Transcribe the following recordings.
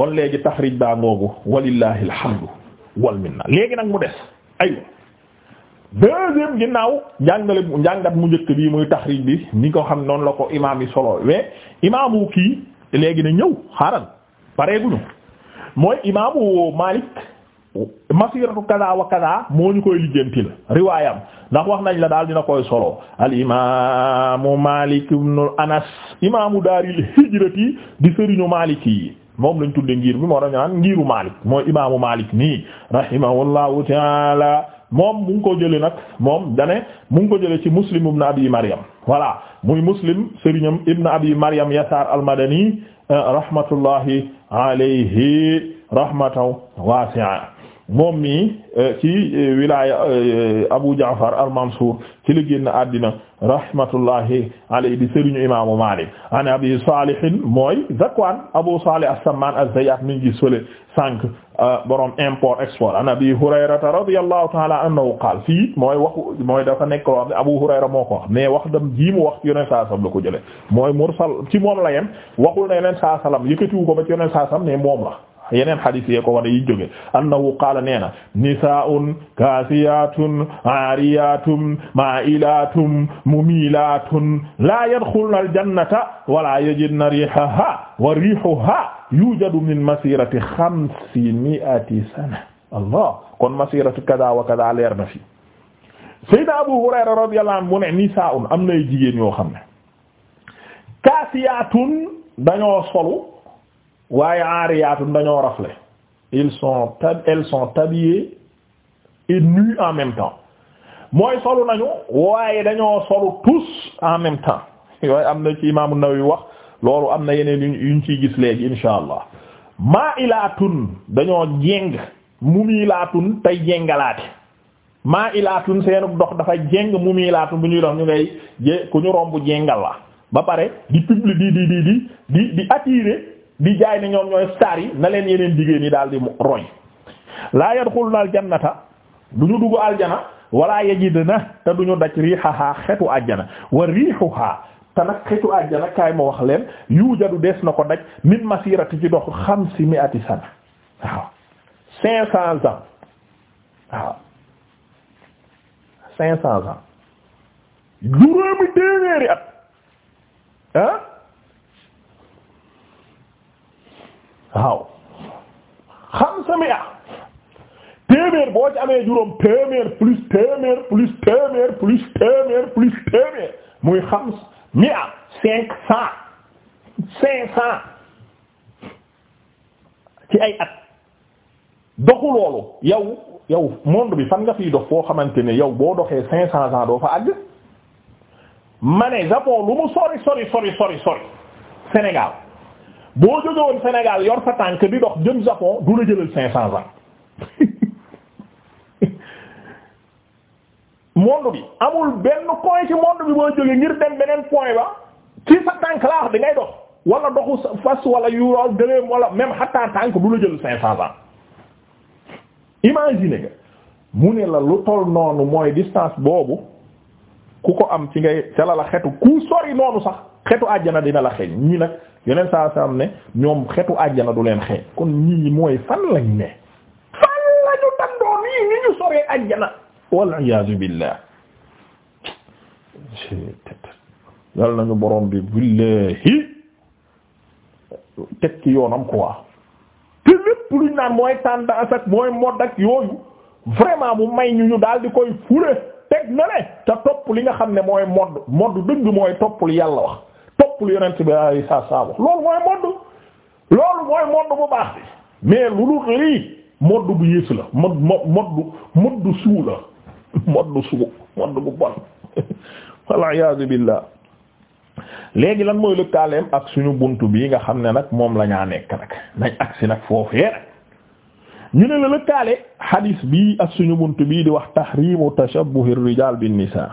kon léegi taxrij baa ngoogu walillahi alhamdu wal minna léegi nag mu des aywa deuxième ginnaaw njàngale njàngat mu njëkk bi muy taxrij bi ni ko xam noonu la ko imaam yi solo mais imaamu kii léegi na ñëw xaaral pareeguñu mooy imaamu Malik masiratu kaza wa kaza moo ñu koy lijjanti la riwaayam ndax wax nañ la daal dina koy solo al imaamu Malik ibn Anas imaamu daaril hijrati di sëriñu Maliki moom lañ tudde ngir bi moo dañu naan ngiru Malik moo imaamu Malik nii rahimahullahu taala moom mu ngi ko jële nag moom dane mu ko jële ci Muslim ibn Abi Maryam voilà muy Muslim sëriñam ibn Abi Maryam Yasaar al-Madani rahmatullahi alayhi rahmatan wasi'a moom mi euh, ci euh, wilaya euh, Abu Ja'far al-Mansur ci la génn àddina rahmatullahi alayhi di sëriñu imaamu Maalik an Abi Salih mooy Zakwan Abu Salih as-Samman az-Zayyat mi ngi sole sànq borom import export an Abi Hurayrata radiyallahu ta'ala anhu qaal fii mooy waxu mooy dafa nekk loo xam ne Abu Hurayra moo ko wax mais wax dam ji mu wax yoneen saa sallam la ko jëlee mooy mursal ci moom la yem waxul na yoneen saa sallam ko ba ci yoneen saa ne yeneen xadis yee ko war a yiñ jóge annahu qaala nee na nisaa'un kaasiyaatun aariyaatun maa'ilaatun mumiilaatun laa yadxulna aljannata wala yajidna riihaha wa riihuha yujadu min masirati xamsi mi'ati sana allah kon masiratu kada wa kada leer na fi sayyidina abu hurayra radiyallahu anhu mu ne nisaa'un am nay jigéen yoo xam ne kaasiyaatun dañoo solu waaye aariyaatun dañoo rafle ils sont elles sont habillées et nues en même temps mooy solu nañu waaye dañoo solu tous en même temps yooyu am na ci imaamu Nawawi wax loolu am na yeneen yuñ ciy gis léegi insha allah maa ilaatun dañoo jéng mumilaatun tey jéngalaate maa ilaatun seenu dox dafa jéng mumilaatun bu ñuy dox ñu ngay ku ñu romb jéngal la ba pare di publi di di di di di di attirer di jaay ne ñoom ñooy star yi na leen yeneen jigéen yi daal di roy laa yadxuluna aljannata du ñu dugg aljana wala na te du ñu daj riixahaa xetu àjjana wa riixuhaa te nag xetu àjjana kaay ma wax leen yuujadu des na ko daj min masirati ci dox xamsi mi'ati mi waaw cinq waaw cinq cents ans juróomi téeméeri at ah waaw xamsa mi'a téeméer boo ci amee juróom téeméer plus téeméer plus téeméer plus téeméer plus téeméer muy xams mi'a cinq cent cinq cent ci ay at doxu loolu yow yow monde bi fan nga fiy dox foo xamante ne yow boo doxee cinq cent ans doo fa àgg ma Japon lu mu sori sori sori sori Sénégal boo jóge woon Sénégal yor sa tànk di dox jëm Japon du la jëlal cinq cents monde bi amul benn point ci monde bi boo jóge ngir dem beneen point ba ci sa tànk laa di ngay dox wala doxu fas wala yu gëléem wala même xataa tànk du la jël cinq cents ans imagine nga mu ne la lu toll noonu mooy distance boobu ku ko am ci ngay ca la la xetu ku sori noonu sax xetu àjjana dina la xeeñ ñii nag yeneen saa saa am ne ñoom xetu àjjana du leen xeeñ kon ñii mooy fan lañ ne fan lañu dandoon yi ñu ñu soree àjjana wal iyaazu billah yàlla nañu borom bi billahi teg ci yoonam quoi te lépp luñ naan mooy tendance ak mooy mode ak yooyu vraiment bu may ñu ñu daal di koy fure teg na le te topp li nga xam ne mooy mode mode dëgg mooy topp li yàlla wax topp lu yonent bi ay saa saa wax loolu mooy modd loolu mooy modd bu baax bi mais lu dul lii modd bu yées la mod modd suu la modd suu modd bu bon walla iyaazu billaah léegi lan mooy lëkkaaleem ak suñu bunt bii nga xam ne nag moom la nekk nag nañ agsi nag foofee nag ñu ne la lëkkaale xadiis bii ak suñu bunt bii di wax tahrimu tashabbuhi rijaal bin nisaa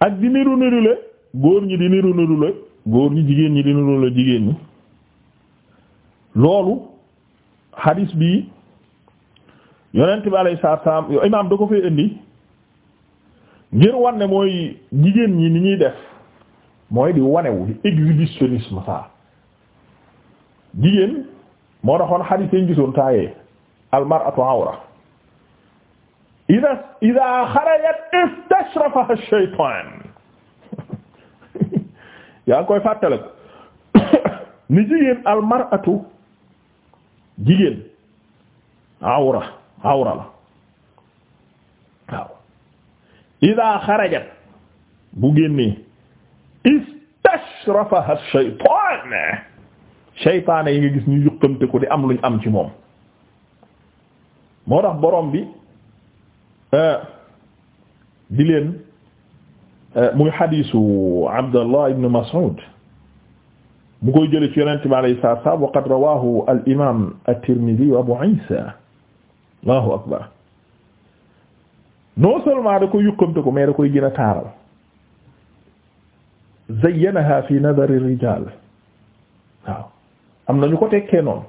ak di niru niru le góor ñi di niru niru la góor ñi jigéen ñi di niru la jigéen ñi loolu hadis bi yonent bi alayhi salaam imaam da ko fee indi ngir wane mooy jigéen ñi ni ñuy def mooy di wanewu di saa jigéen moo taxoon hadis yi ñu gisoon taayee almar'atu awra ida ida xarajat istashrafaha ash-shaytaan yaa ngi koy fàttale ko ni jigéen almaratu jigéen awra awra la waaw ida xarajat bu génnee istashrafaha shaytaan shaytaane yi nga gis ñu yuqamte ko di am luñ am ci moom moo tax borom bi euh, di leen Euh, muy xadiisu Abdallah ibn Mas'ud mu koy jëlee ci Yonent bi alayhi salaatu wa salaam wa qad rawaahu al imaam at-Tirmidhi wa Abu Isa Allahu akbar non seulement da koy yukkamte ko mais da koy gën a taaral zayyanaha fi nadari rijaal waaw am nañu ko tekkee noonu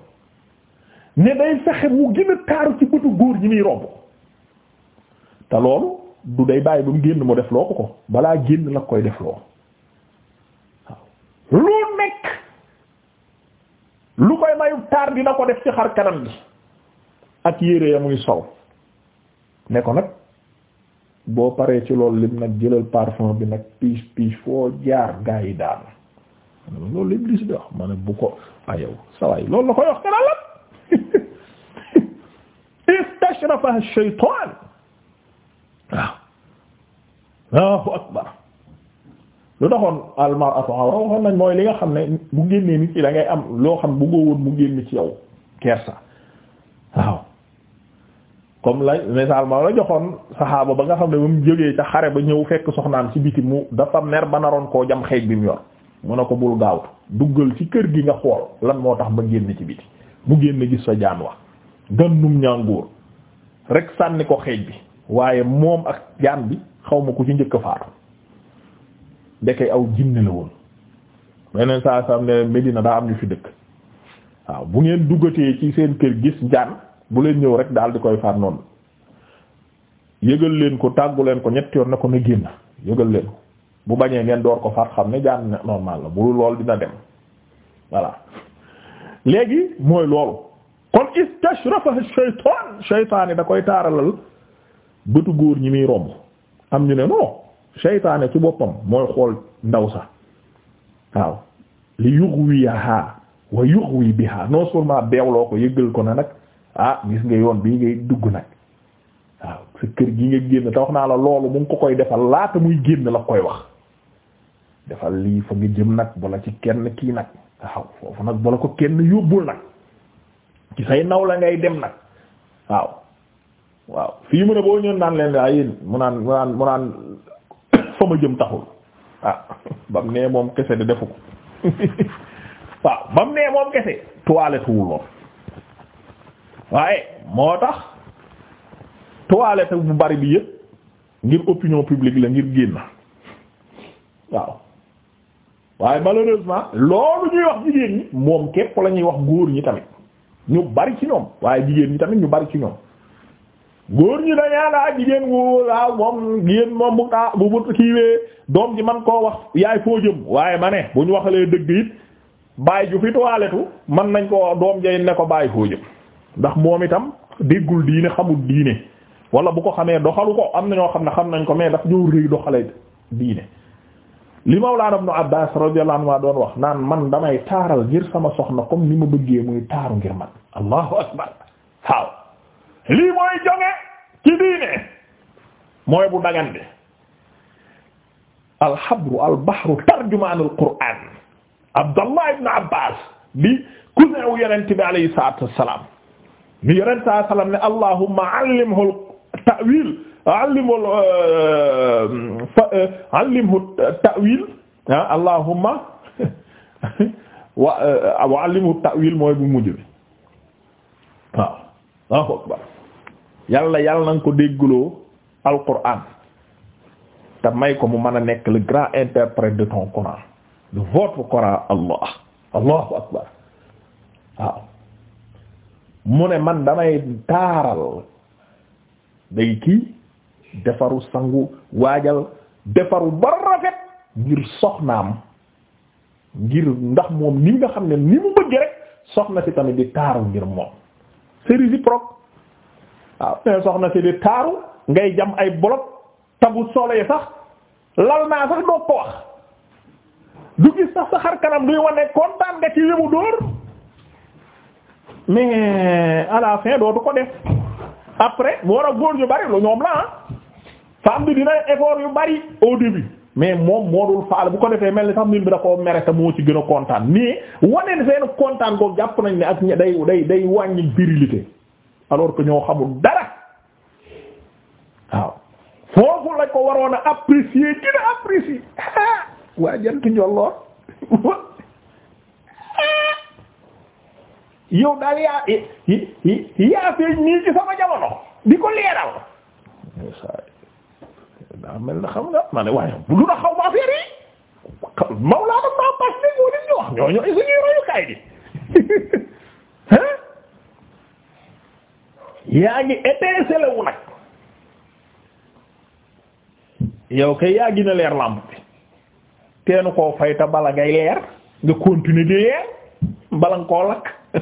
ne day fexe mu gën a taaru ci bëtu góor ñi muy romb te loolu du day bàyyi ba mu génn mu def loo ko balaa génn la koy def loo waaw lu nekk lu koy mayu taar dina ko def ci xar kanam gi ak yére ya muy sol ne ko nag boo paree ci loolu lim nag jëlal parfum bi nag piis piis foo jaar gaa yi daan loolu Iblis bi wax ma ne bu ko ayow sawaay loolu la koy wax kanam la istashrafa ash-shaytan waaw Allahu akbar lu taxoon almaratu awra waxoon nañ mooy li nga xam ne bu génnee nit ci da am loo xam bu ngoowoon mu génn ci yow kersa waaw comme la misaal ma la joxoon saxaaba ba nga xam ne ba mu jógee ca xare ba ñëw fekk soxnaam ci biti mu dafa mer ba naroon koo jam xeej bi mu yor mu ne ko bul gaawtu duggal ci kër gi nga xool lan moo tax ma génn ci biti mu génn gis sa jaan wa gannum ñànguur rek sànni ko xeej bi waaye moom ak jaam bi xaw ma ku ci njëkk faatu ndeke aw jinne la woon beneen saa saa ne Medina daa am ñu fi dëkk waaw bu ngeen duggatee ci seen kër gis jaan bu leen ñëw rek daal di koy faat noonu yëgal leen ko tàggu leen ko ñetti yoon na ko na génn yëgal leen ko bu bañee ngeen door ko faat xam ne jaan normal la bu lool dina dem voilà léegi mooy loolu kon istashrafa shaytaan shaytaan yi da koy taaralal bëtu góor ñi muy romb am ñu ne non seytaane ci boppam mooy xool ndaw sax waaw li yughwiha wa yughwi biha non seulement beewloo ko yëgal ko na nag ah gis nga yoon bii ngay dugg nag waaw sa kër gi nga génn te wax naa la loolu mu ko koy defal laata muy génn la koy wax defal lii fa nga jëm nag bala ci kenn kii nag waaw foofu nag bala ko kenn yóbbul nag ci say naw la ngay dem nag waaw waaw fii mu ne boo ñëw naan leen ay yéen mu naan mu naan mu naan fa ma jëm taxul ah bam nee moom kese de defu ko waaw bam nee moom kese toilette wul lool waaye moo tax toilette bu bari bi yëpp ngir opinion publique la ngir génn waaw waaye malheureusement loolu ñuy wax jigéen ñi moom képp la ñuy wax góor ñi tamit ñu bari ci waaye jigéen ñi tamit ñu bari ci ñoom góor ñi dañaa laa jigéen gu laa moom jigéen moom bu taa bu bu kiiwee doom ji man koo wax yaay foo waaye ma ne bu ñu waxalee dëgg it bàyyi ju fi toiletu man nañ ko doom jay ne ko bàyyi foo ndax moom itam déggul diine xamul diine wala bu ko xamee doxalu ko am na ñoo xam ne xam nañ ko mais daf ñëw rëy doxale diine li Mawlaana Ibnu Abbaas radiyallahu waa doon wax naan man damay taaral ngir sama soxna comme ni ma bëggee muy taaru ngir man allahu lii mooy jonge ci diine mooy bu dagan bi alxabru albahru tarjumaan alquraan abdallah ibn abbas bi cousin wu yonent bi alayhi salaatu wassalaam mi yonent saa salaam ne allahumma allimhu ta'wil allimhu euh, allimhu ta'wil ah, allahumma wa euh, allimhu ta'wil mooy bu mujj bi waaw yàlla yàlla na nga ko déggloo alquran te may ko mu mën a nekk le grand interprète de ton Coran de votre Coran allah allahu akbar waaw mu ne man damay taaral day kii defaru sangu waajal defaru ba rafet ngir soxnaam ngir ndax moom ni nga xam ne ni mu bëgg rek soxna si tamit di taaru ngir moom c'est réciproque waaw mais soxna si di taaru ngay jam ay bolok tabu solee sax lal naa sax doo ko wax du gis sax sa xar kanam duy wane kontaan nga ci yëmu dóor mais à la fin dootu ko def après mu war a góor yu bari lu ñoom la ah femme bi dina yu bari au début mais moom moo dul faal bu ko defee mel ni sax mbir bi da koo mere te moo ci gën kontaan nii wane seen kontaan ko jàpp nañ ne ak day day day wàññi virilité alors que ñoo xamul dara waaw foofu lañ waroon a apprécier dina apprécier waa jant njolloor yow daal yaa yaa feeñ nii ci sama jamono di ko leeral daa mel na xam nga ma ne waaye bu lu na xaw ma affaire yi Mawlaana ma passe ni ñu wax ñoo ñoo suñuy royukaay di hein yaa ngi étincelle wu nag yow kay yaa gina leer làmp bi teenu koo fayta bala ngay leer nga continuer di leer bala nga koo lakk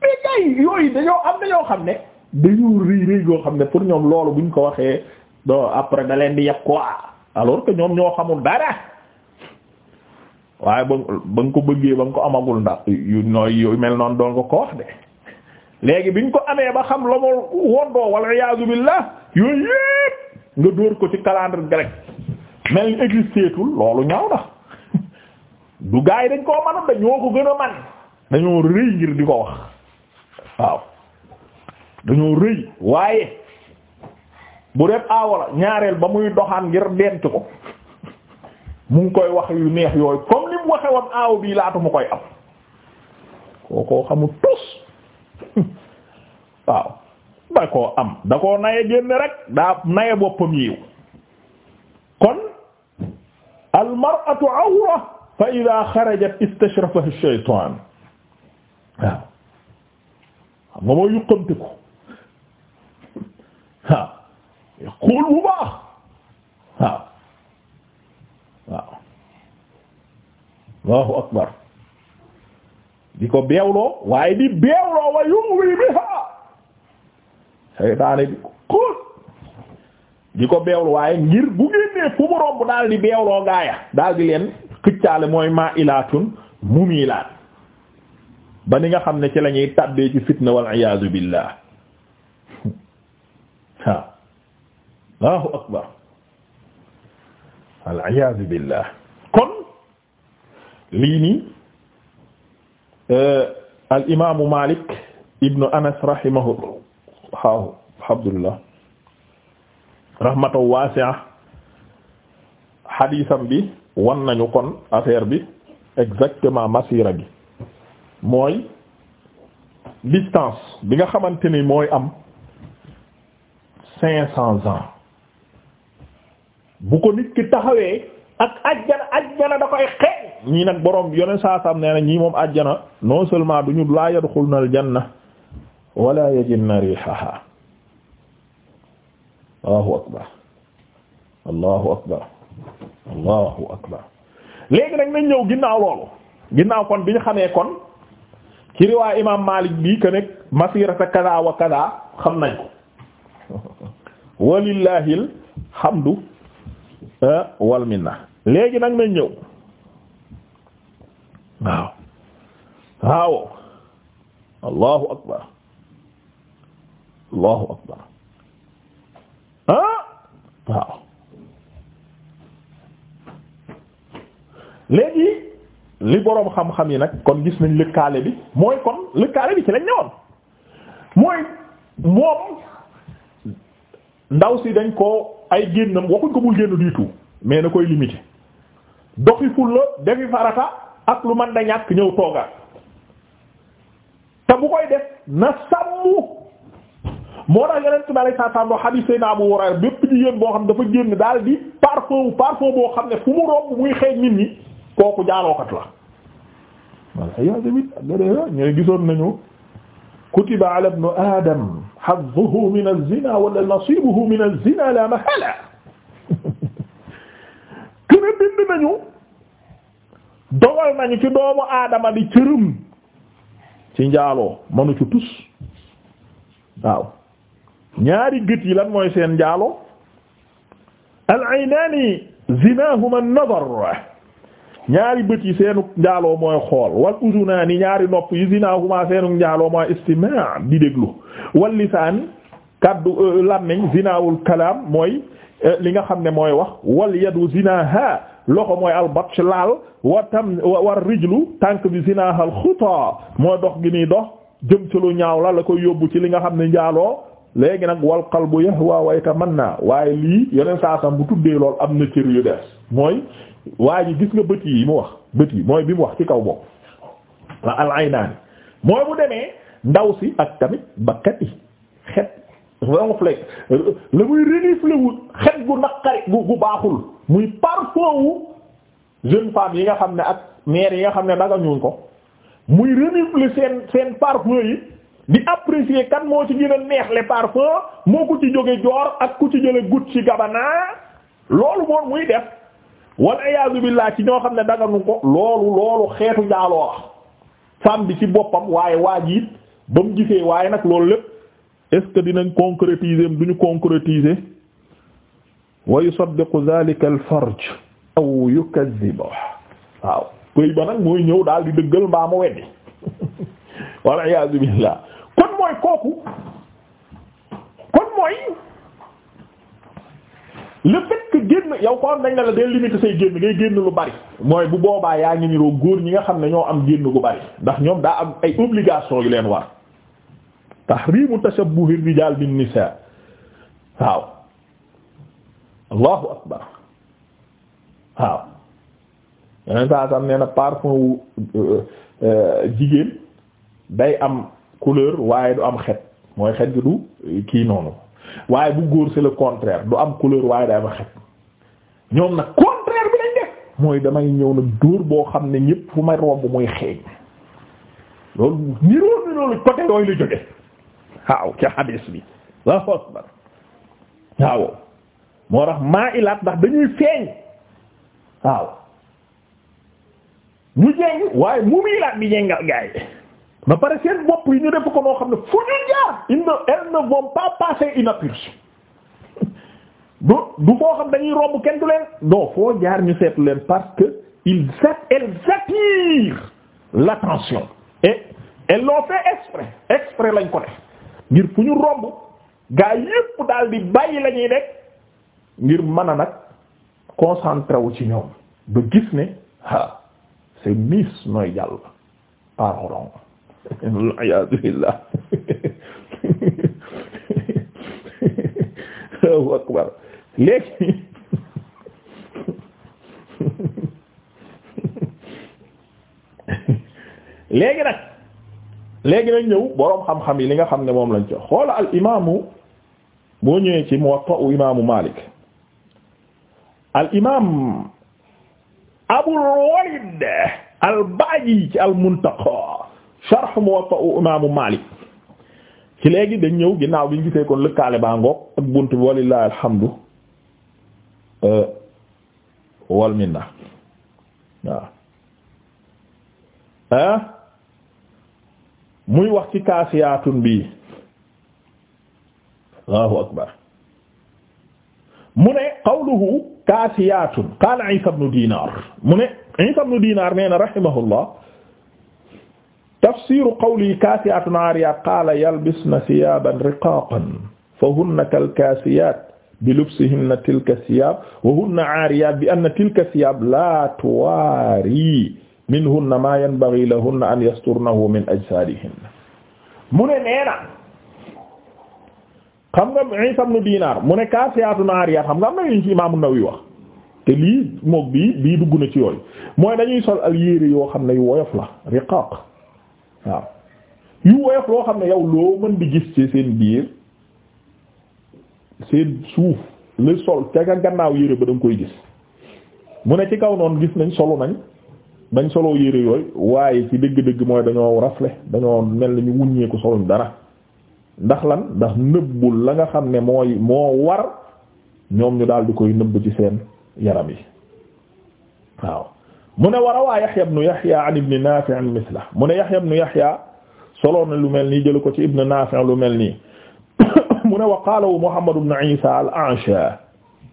mais gars yooyu dañoo am dañoo xam ne dañoo rëy rëy yoo xam ne pour ñoom loolu buñ ko waxee do après da leen di yàq quoi alors que ñoom ñoo xamul dara waaye ba ba nga ko bëggee ba nga ko amagul ndax yu nooy yu mel noonu doon nga ko wax de léegi biñ ko amee ba xam la moo woddoo wala iyaazu billah yooyu yépp nga dóor ko ci calendrier grec mel ni existeetul loolu ñaaw na du gars yi dañ koo manu dañoo ko gën a man dañoo rëy ngir di ko wax waaw dañoo rëy waaye bu def aawo la ñaareel ba muy doxaan ngir denc ko mu ngi koy wax yu neex yooyu comme ni mu waxe woon aaw bii laatu mu koy am kookoo xamul tus waaw da koo am da koo naye génne rek daa naye boppam yiw kon al awra fa ida xarajat istashrafaha ash-shaytaan waaw xam nga moo yuqamte ko waaw xool bu baax waaw waaw allahu akbar di ko beewloo waaye di beewloo wa yuwi biha seytaane di ko xóot di ko beewlu waaye ngir bu génnee fu mu romb daal di beewloo gaaya daal di leen xëccaale mooy maa ilaatun mumilaat ba ni nga xam ne ci lañuy ñuy tàbbee ci fitna wal iyaazu billah waaw allahu akbar al iyaazu billah kon lii nii Euh, al imaamu Malik ibnu Anas rahimahu waaw alhamdulillah rahmatu wasi'a xadiisam bi wan nañu kon affaire bi exactement masira bi mooy distance bi nga xamante ni mooy am cinq cents ans bu ko nit ki taxawee ak ajjana ajjana da koy xeeñ ñii nag borom yoneen saa saam nee na ñii moom àjjana non seulement duñu laa yadxulna aljanna wala yajidna rihaha allahu akbar allahu akbar allahu akbar léegi nag nañ ñëw ginnaaw loolu ginnaaw kon bi ñu xamee kon ci riwaay imam Malik bi que nekk masirata kada wa kada xam nañ ko walillahil hamdu eh, wal léegi nag nañ ñëw waaw waaw allahu akbar allahu akbar ah waaw léegi li boroom xam-xam yi nag kon gis nañ lëkkaale bi mooy kon lëkkaale bi ci lañ ñëwoon mooy moom ndaw si dañ ko ay génnam waxuñ ko bul génn du tout mais na koy limité doxi fulla defi farata ak lu man da ñàkk ñëw toogaat te bu koy def na sàmm moo tax yeneen ci bari saa sàmm xadiis Seydina Abu Hurayra bépp jigéen boo xam dafa génn daal di parfum parfum boo xam ne fu mu romb muy xeeñ nit ñi kooku jaalookat la ñooy gisoon nañu kutiba ala ibn adam hazzuhu min az-zina wala nasibuhu min az-zina la mahala bind nañu dogal nañu ci doomu aadama li cërëm ci njaaloo mënu tus waaw ñaari gët yi lan mooy seen njaaloo al aynaani zinaahuma an-nazar ñaari bët yi seenu njaaloo mooy xool wal udunaani ñaari nopp yi zinaahuma seenu njaaloo mooy istima' di déglu wal lisaan kàddu euh, làmmiñ zinaawul kalaam mooy euh, li nga xam ne mooy wax wal yadu zinaaha loxo mooy albatch laal wa war rijlu tànk bi zinaaxal xutaa moo dox gi nii dox jëm ci lu ñaaw la la ko yóbbu ci li nga xam ne njaaloo léegi nag wal qalbu yahwa wa naa waaye lii yeneen saasam bu tuddee lool am na cër yu des mooy waa ji gis nga bët yi mu wax bët yi mooy bi mu wax ci kaw bopp wa al aynaani mooy bu demee ndaw si ak tamit bakkat yi vraiment flèche la muy reniflé wu xet gu naqari gu gu baaxul muy parfum wu jeune femme yi nga xam ne ak maire yi nga xam ne daga ñuñ ko muy reniflé seen seen parfum yi di apprécier kan moo ci gën a neex le moo ko ci jóge joor ak ku ci jële goutte ci gabana loolu moom muy def wal iyaazu billaah ci ñoo xam ne daga ko loolu loolu xeetu njaaloo la femme bi ci boppam waaye waa jiit ba mu gisee waaye nag loolu lépp est-ce que dinañ concrétiser duñu concrétiser wa yusaddiqu zalika waaw pëy ba nag mooy ñëw daal di dëggal mbaa mu weddi wal iyaazu billah kon mooy kooku kon mooy le fait que génn yow ko am nañ la la day limiter say génn ngay génn lu bari mooy bu boobaa yaa ngi niroo góor ñi nga xam ne ñoo am génn gu bari ndax ñoom daa am ay obligation yu leen war tahrimu tashabbuhi rijaal bin nisaa waaw allahu akbar waaw yeneen saa sam nee na parfum euh, euh, jigéen day am couleur waaye du am xet mooy xet gi du kii noonu waaye bu góor c'est le contraire du am couleur waaye day am xet ñoom nag contraire bi lañ def mooy damay ñëw nag dóor boo xam ne ñépp fu may romb muy xeeñ loolu niroo ni loolu côté yooyu la jóge waaw ca bi Allahu akbar waaw moo tax maa ilaat ndax dañuy feeñ waaw ñu jéng waaye mu mu ilaat bi jéngal gaay ba pare seen bopp yi ñu def ko noo xam ne fu ñu jaar ils ne elles pas passer inaperçues du du foo xam dañuy romb kenn du leen doo foo jaar ñu seetu leen parce que ils elles attirent l'attention et elles l'ont fait exprès exprès lañ ko ngir fu ñu romb gaa yépp daal di bàyyi la nekk ngir mën nag concentré wu ci ñoom ba gis ne ah c'est miss nooy jàll par rond léegi léegi nag léegi nañ ñëw boroom xam-xam yi li nga xam ne moom lañ ci xoola al imaamu boo ñëwee ci Muwatta imaamu Maalik al imaam Abul Walid al Baaji ci al Muntaqa sharh Muwatta imaamu Maalik ci léegi dañ ñëw ginnaaw bi ñu gisee kon lëkkaale baa ngoog ak bunt bi walillahi alhamdu wal minna waaw muy wax ci kaasiyaatun bii allahu akbar mu ne qawluhu kaasiyaatun qaala isa ibnu dinar mu ne isa ibnu dinar nee na rahimahullah tafsiru qawlihi kaasiyaatun aariyaat qaala yalbisna siyaaban riqaaqan fa hunna kalkaasiyaat bi lubsihinna tilka siyaab wa hunna aariyaat bi anna tilka siyaab laa tuwaari minhunna ma yanbaghi lahunna an yasturnahu min ajsadihinna mu ne nee na xam nga Isa ibn Dinar mu ne kaasiyaatun aariyaat xam nga am na yu ci Imaam Nawawi wax te lii moog bii bii dugg na ci yooyu mooy dañuy sol al yére yoo xam ne yu woyof la riqaaq waaw yu woyof loo xam ne yow loo mën di gis ci seen biir seen suuf le sol ca nga gannaaw yére ba da nga koy gis mu ne ci kaw noonu gis nañ solu nañ bañ solo yére yooy waaye ci dégg dégg mooy dañoo rafle dañoo mel ni ñu wuññeeku soluñ dara ndax lan ndax nëbbul la nga xam ne mooy moo war ñoom ñu daal di koy nëbb ci seen yaram yi waaw mu ne war a waa Yaxya ibnu Yaxya an ibni Naafi' an misla mu ne Yaxya ibnu Yaxya solo na lu mel nii jël ko ci ibnu Naafi' lu mel nii mu ne wa qaala Muhammad ibnu Isa al-A'sha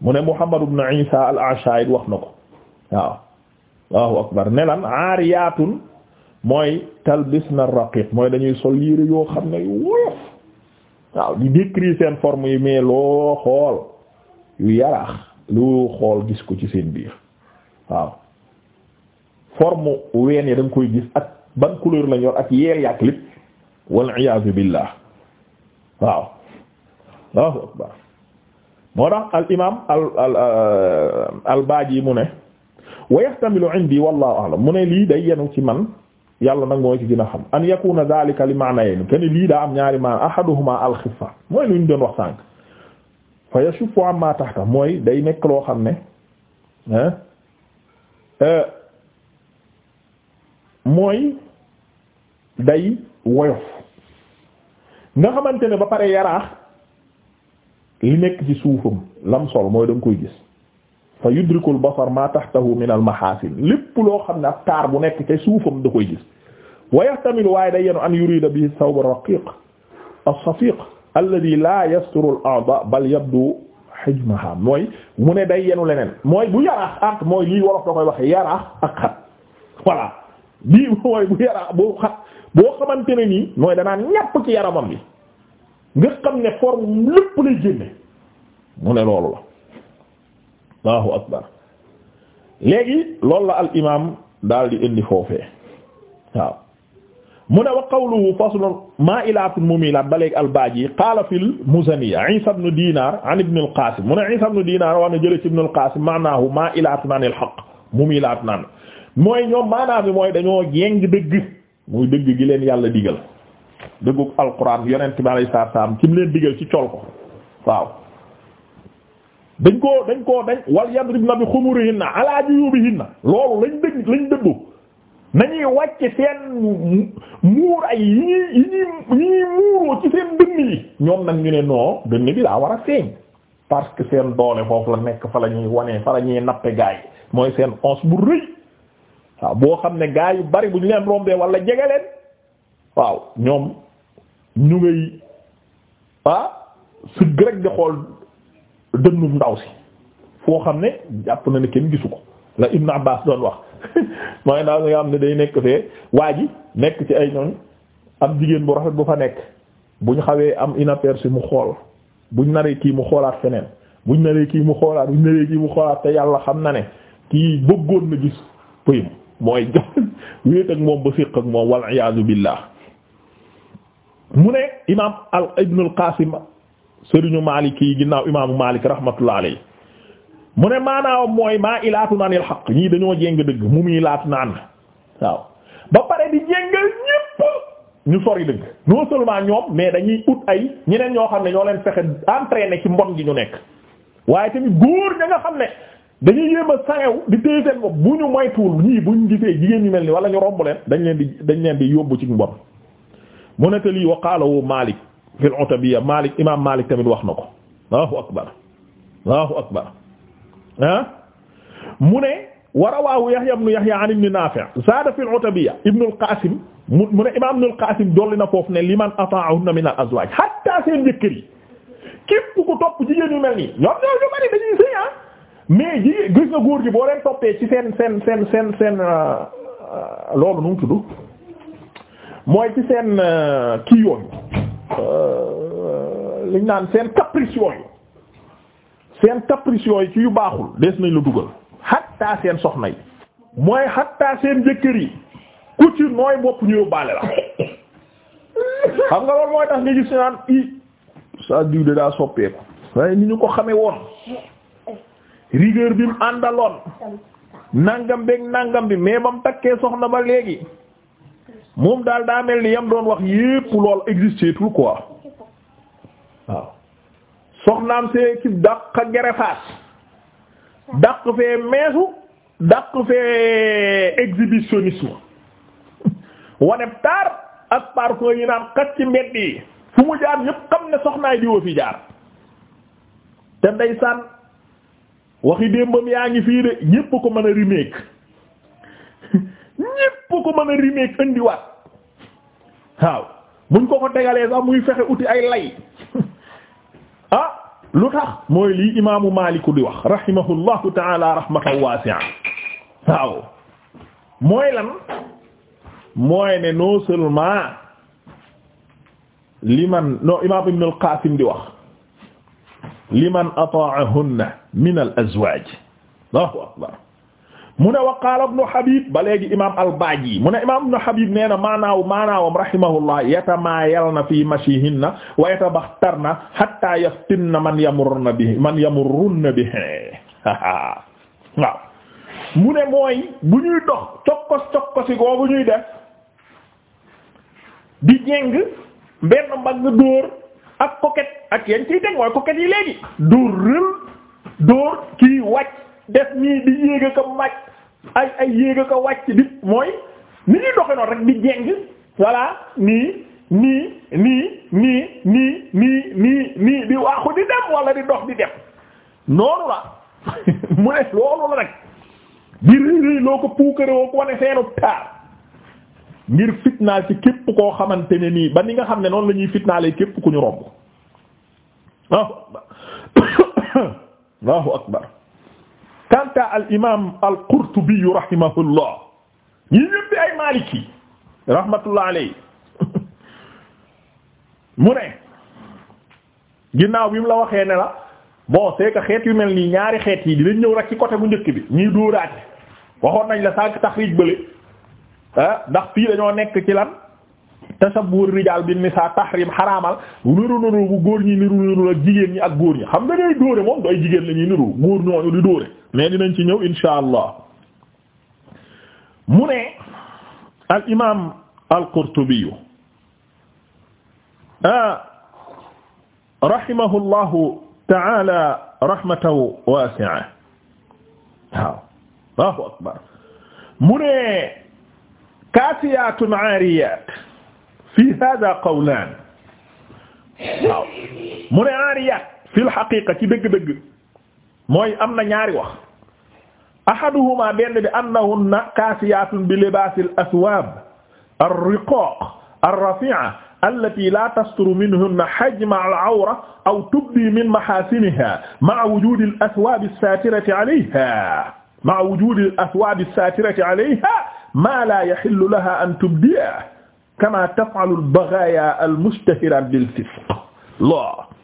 mu ne Muhammad ibnu Isa al-A'sha it wax na ko waaw Allahu akbar ne lan aariyaatun mooy talbisna raqiq mooy dañuy sol yére yoo xam ne yu woyof waaw di décrire seen forme yi mais loo xool yu yaraax lu xool gis ko ci seen biir waaw forme ween yi da koy gis ak ban couleur lañ ak yeel yàq wal iyaazu billah waaw Allahu akbar moo tax al imam al al al baaji mu ne wa yahtamilu wallahu a'lam mu ne lii day yenu ci man yàlla nag moo ci gën xam an yakuna dhalika li ma'nayn ken lii daa am ñaari maana ahaduhuma alxifa mooy lu ñu doon wax sànq fa yashufu amma tahta mooy day nekk loo xam ne euh, mooy day woyof nga xamante ne ba pare yaraax li nekk ci suufam lam sol mooy da nga koy gis fa yudrikul basar ma tahtahu min al mahasin lépp loo xam ne ak taar bu nekk ca suufam da koy gis wa yahtamilu waaye day yenu an yurida bihi thawb raqiq as-safiq alladi la yasturu al a'da bal yabdu hajmaha mooy mu ne day yenu leneen mooy bu yaraax ak mooy lii wolof da koy waxe yaraax ak xat voilà bii mooy bu yaraax boo xat boo xamante ne nii mooy danaa ñàpp ci yaramam bi nga xam ne forme lépp lay génne mu ne loolu la Allahu akbar léegi loolu la al imaam daal di indi foofee waaw mu ne wa qawluhu faslun maa'ilaatun mumiilaat ba léegi albaaji qaala fil muzaniya Iisa ibnu Diinaar an ibn al-Qaasim mu ne Iisa ibnu Diinaar wax na jëlee ci ibn al-Qaasim maanaahu maa'ilaatun anil haqq mumiilaatun an mooy ñoom maanaa bi mooy dañoo yeng dëgg muy dëgg gi leen yàlla digal dëggug alquran yonent bi alayhi salaam ci mu leen digal ci col ko waaw. dañ koo dañ koo dañ wal yadribna bi xumurihinna ala juyubihinna loolu lañ dëgg lañ dëggu nañuy wàcc seen muur ay yi ñuy yi ñuy muuroo ci seen dënn yi ñoom nag ñu ne non dënn bi daa war a feeñ parce que seen doole foofu la nekk fa la ñuy wanee fa la ñuy nappe gaay mooy seen once bu rëy waaw boo xam ne gaay yu bari bu ñu leen rombee wala jege leen waaw ñoom ñu ngay ah su rek di xool dënnub ndaw si foo xam ne jàpp na ne kenn gisu ko la Ibn Abbas doon wax mooy ndaw si nga xam ne day nekk fee waa ji nekk ci ay ñoon am jigéen bu rafet bu fa nekk buñ xawee am inaperçu mu xool buñ naree kii mu xoolaat feneen buñ naree kii mu xoolaat buñ naree kii mu xoolaat te yàlla xam na ne kii bëggoon na gis pëyim mooy wéet ak moom ba séq ak moom wal iyaazu billah mu ne imaam al ibnul qaasim sëriñu Maalik yi ginnaaw imaamu Maalik rahmatullah alayhi mu ne maanaam mooy maa ilaatu naan il ñii dañoo jéng dëgg mu muy laatu naan waaw ba pare di jéngal ñépp ñu sori dëgg non seulement ñoom mais dañuy ut ay ñeneen ñoo xam ne ñoo leen fexe entraîné ci mbon gi ñu nekk waaye tamit góor ña nga xam ne dañuy yéem a sangew di téye seen bopp bu ñu moytuwul ñii buñ gisee jigéen ñu mel ni wala ñu romb leen dañ leen di dañ leen di yóbbu ci mbon mu ne te lii waqaalawu fil Utabiya Malik imam Malik tamit wax na ko Allahu akbar Allahu akbar ah mu ne wa rawaahu Yahya ibn Yahya an ibn Nafi' zaada fil Utabiya ibn al-Qasim mu ne imam ibn al-Qasim dolli na foofu ne liman ata'ahunna min al-azwaj hatta seen jëkkër yi képp ku topp jigéen yu mel nii ñoom ñoo ñu bari dañuy sëy ah mais ji gis na góor gi boo leen toppee ci seen seen seen seen seen euh, euh, loolu nu mu tudd mooy ci seen euh, kii yooyu Euh, liñ naan seen caprice yooyu seen caprice yooyu ci yu baaxul des nañ la dugal xattaa seen soxna yi mooy xattaa seen jëkkër yi ku ci nooy bopp ñu yóbbaale la xam nga loolu mooy tax nga gis naan i sa diw de daa soppeeku waaye ni ñu ko xame woon rigueur bi mu àndaloon nangam beeg nangam bi mais ba mu takkee soxna ba léegi moom daal daa mel ni yam doon wax yépp lool existé tout quoi waaw soxnaam see ci dàq gerefaas dàq fee meesu dàq fee exhibitionnisme wane taar ak parfum yi naan xat ci mbedd yi fu mu jaar yépp xam ne soxnaay di woo fi jaar te ndeysaan waxi démbam yaa ngi fii de ñépp ko mën a remake ñépp ko mën a rimeeg indiwaat waaw buñ ko ko tegalee sax muy fexe uti ay lay ah lu tax mooy lii imaamu Maaliku di wax rahimahullahu taala rahmatan wasi'a waaw mooy lan mooy ne non seulement liman no imaam Ibn di wax liman ata'ahunna min al-azwaj mu ne wa qaala ibnu Habib ba imaam al-Baaji imaam ibnu Habib nee na maanaaw maanaawam rahimahullah yatamaayalna fii mashihinna wa yatabaxtarna hatta man yamurruna bihi man mooy bu dox cokkos cokkosi googu ñuy def di jéng benn mbagg dóor ak coquette ak yéen ciy teg mooy coquette yi léegi dóor rël dóor def nii di yéeg a ko màcc ay ay yéeg a ko wàcc di mooy ni ñuy doxe noonu nii nii nii nii nii nii nii di waaxu di dem wala di dox di dem la mu ne loolu la rek di réy réy loo ko puukare woo ko wane seenu taar ngir fitnaal ci képp koo xamante ne nii ba ni nga xam ne noonu lañuy ñuy fitnaalee képp ku ñu romb Allahu akbar Allahu akbar kanta al imam al qurtubi rahimahullah ñi ñëpp di ay maliki rahmatullah alayhi mu ne ginnaaw bi mu la waxee ne la bon c'est xeet yu mel nii ñaari xeet yi dinañ ñëw rek ci côté bu njëkk bi ñuy dóoraate waxoon nañ la sànq taxrij bële ah ndax fii dañoo nekk ci lan tasabbuur rijaal bin nisaa tahrim xaraamal niru niru bu góor ñi niru niru ak jigéen ñi ak góor ñi xam nga ngay dóore moom doy jigéen la ñuy niru góor ñooñu di dóore ci ñëw insha allah mu ne al imaam ah rahimahullahu ta'ala rahmatan waasi'a fi hada qawlan waaw mu ne aariyaat fi lxaqiqa ci dëgg-dëgg mooy am na ñaari wax ahaduhuma benn bi annahunna kaasiyaatun bi libaasil aswaab ar-riqaaq ar-rafii'a allati laa tasturu minhunna hajma al-awra aw tubdi min mahaasinihaa ma'a wujuudi al-aswaab as-saatirati 'alayhaa ma'a wujuudi al-aswaab as-saatirati 'alayhaa maa laa yahillu lahaa an tubdiyahu kama taf'alu al-baghaaya al-mushtahiraat bil-fisq